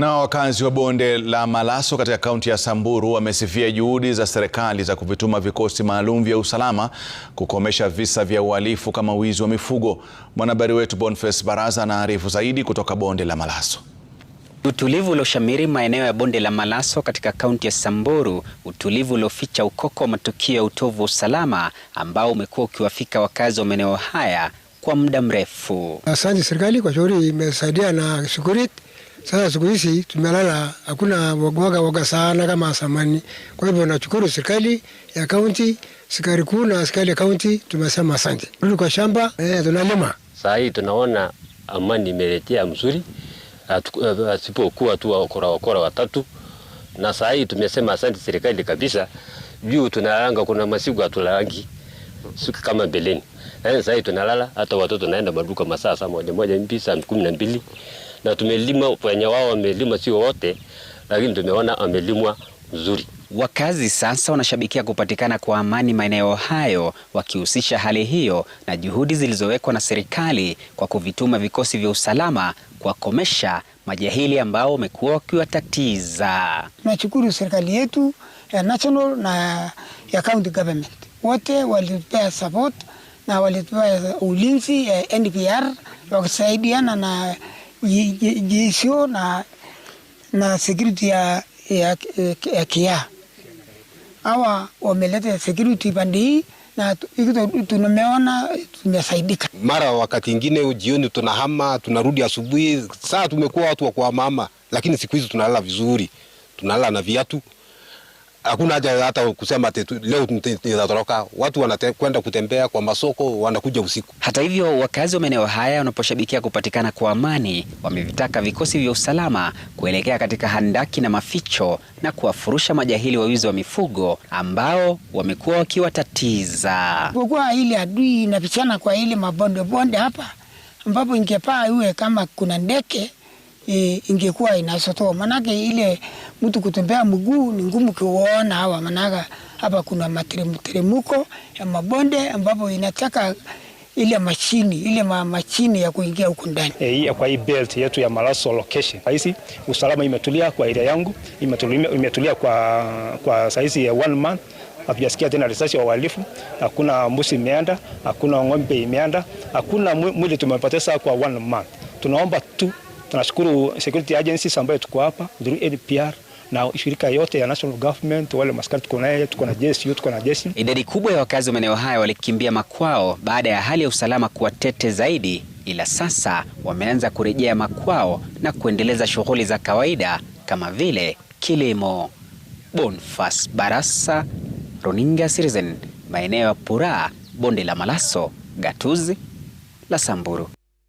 Na wakazi wa bonde la Malaso katika kaunti ya Samburu wamesifia juhudi za serikali za kuvituma vikosi maalum vya usalama kukomesha visa vya uhalifu kama wizi wa mifugo. Mwanahabari wetu Boniface Baraza anaarifu zaidi kutoka bonde la Malaso. Utulivu ulioshamiri maeneo ya bonde la Malaso katika kaunti ya Samburu, utulivu ulioficha ukoko wa matukio ya utovu wa usalama ambao umekuwa ukiwafika wakazi wa maeneo haya kwa muda mrefu. Asante serikali kwa shauri imesaidia na shukrani sasa siku hizi tumelala, hakuna woga woga sana kama zamani. Kwa hivyo nashukuru serikali ya kaunti, serikali kuu na serikali ya kaunti, tumesema asante. Rudi kwa shamba eh, tunalima saa hii, tunaona amani imeletea mzuri, eh, asipokuwa tu wakora wakora watatu. Na saa hii tumesema asante serikali kabisa, juu tunalanga, kuna masiku hatulangi siku kama mbeleni. Yaani hii tunalala, hata watoto naenda maduka masaa saa moja moja mpi saa kumi na mbili na tumelima wenye wao wamelima, sio wote, lakini tumeona wamelimwa mzuri. Wakazi sasa wanashabikia kupatikana kwa amani maeneo hayo, wakihusisha hali hiyo na juhudi zilizowekwa na serikali kwa kuvituma vikosi vya usalama kuwakomesha majahili ambao wamekuwa wakiwatatiza. Tunashukuru serikali yetu ya national na ya county government, wote walitupea support na walitupea ulinzi ya NPR wakisaidiana na jisio na, na security ya, ya, ya kia awa wameleta security pande hii na tunameona tumesaidika. Mara wakati ingine jioni tunahama tunarudi asubuhi, saa tumekuwa watu wa kuhamahama, lakini siku hizi tunalala vizuri, tunalala na viatu Hakuna haja hata kusema ati leo nitatoroka. Watu wanakwenda kutembea kwa masoko, wanakuja usiku. Hata hivyo, wakazi wa maeneo haya wanaposhabikia kupatikana kwa amani, wamevitaka vikosi vya usalama kuelekea katika handaki na maficho na kuwafurusha majahili wawizi wa mifugo ambao wamekuwa wakiwatatiza. Kwa ile adui inapichana kwa ile mabondebonde hapa, ambapo ingepaa iwe kama kuna ndeke ingekuwa inasotoa, manake ile mtu kutembea mguu ni ngumu kuona hawa, manake hapa kuna materemko ya mabonde ambapo inataka ile mashini ile ma mashini ya kuingia huko ndani e, kwa hii belt yetu ya Maraso location sahizi usalama imetulia kwa area yangu, imetulia, imetulia kwa, kwa sahizi ya one month hatujasikia tena risasi wa uhalifu, hakuna mbusi imeanda, hakuna ng'ombe imeanda, hakuna mwili tumepoteza kwa one month. Tunaomba tu Tunashukuru security agencies ambayo tuko hapa through NPR na shirika yote ya national government, wale maskari tuko naye, tuko na jeshi, tuko na jeshi. Idadi kubwa ya wakazi wa maeneo haya walikimbia makwao baada ya hali ya usalama kuwa tete zaidi, ila sasa wameanza kurejea makwao na kuendeleza shughuli za kawaida kama vile kilimo. Bonfas Barasa, Runinga Citizen, maeneo ya Pura, bonde la Malaso, gatuzi la Samburu.